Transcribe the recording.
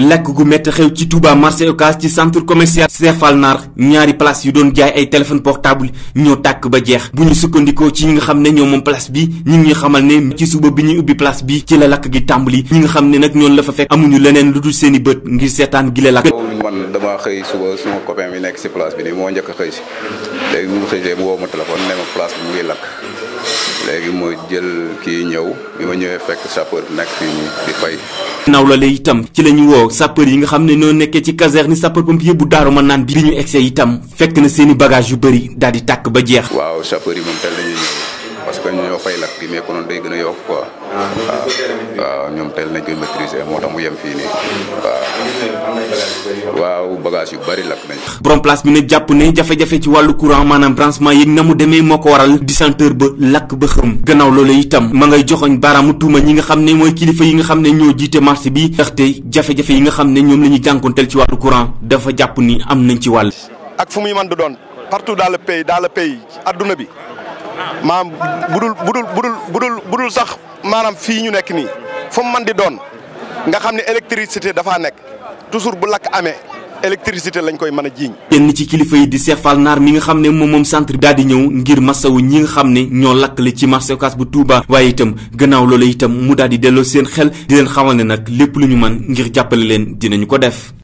lakk gu métti xew ci Touba marché Ocass ci centre commercial Serfal Nar ñaari place yu doon jaay ay téléphone portable ñoo tàkk ba jeex bu ñu sukkandikoo ci ñi nga xam ne ñoo moom place bi ñi ngi bi ñuy ubbi place lakk gi tàmbali ñi nga xam ne nag ñoon la fa fekk amuñu leneen lu dul seen bët ngir seetaan gi la lakk. man damaa xëy suba suma copain bi nekk si place bi nii moo njëkk a xëy si léegi bu mu xëy mu woo ma téléphone nee ma place bi mu ngi lakk léegi moo jël kii ñëw bi ma ñëwee fekk sapeur nekk fii di kaw yi nga xam ne ñoo nekkee ci caserne sapeur pompier bu daaru ma naan bi ñu egsee itam fekk na seeni bagage yu bëri daal di tàkk ba jeex waaw sapeur moom teel nañu ñëw parce que ñoo fay lakk bi mais konoon day gën a yokk waaw ñoom teel nañ koy moo tax mu yem fii nii waaw. waaw yu bari lakk nañ. borom place bi nag jàpp ne jafe ci wàllu courant maanaam branchement yi na mu demee moo ko waral disjoncteur ba lakk ba xëm gannaaw loolu itam ma ngay joxoñ baaraamu tuuma ñi nga xam ne mooy kilifa yi nga xam ne ñoo jiite marché bi ndaxte jafe-jafe yi nga xam ne ñoom la ñuy jànkonteel ci wàllu courant dafa jàpp ni am nañ ci wàll. ak fu muy mën di doon partout dans le pays dans le pays adduna bi. maam budul bu budul bu budul sax maanaam fii ñu nekk nii fu mu mën di doon nga xam ne électricité dafaa nekk toujours bu lakk amee électricité lañ koy mën a jiiñ. kenn ci kilifa yi di Cheikh Fall Naar mi nga xam ne moom moom centre bi daal di ñëw ngir wu ñi nga xam ni ñoo lakkale ci marché Ocass bu Touba. waaye itam gannaaw loolu itam mu daal di delloo seen xel di leen xamal ne nag lépp lu ñu mën ngir jàppale leen dinañu ko def.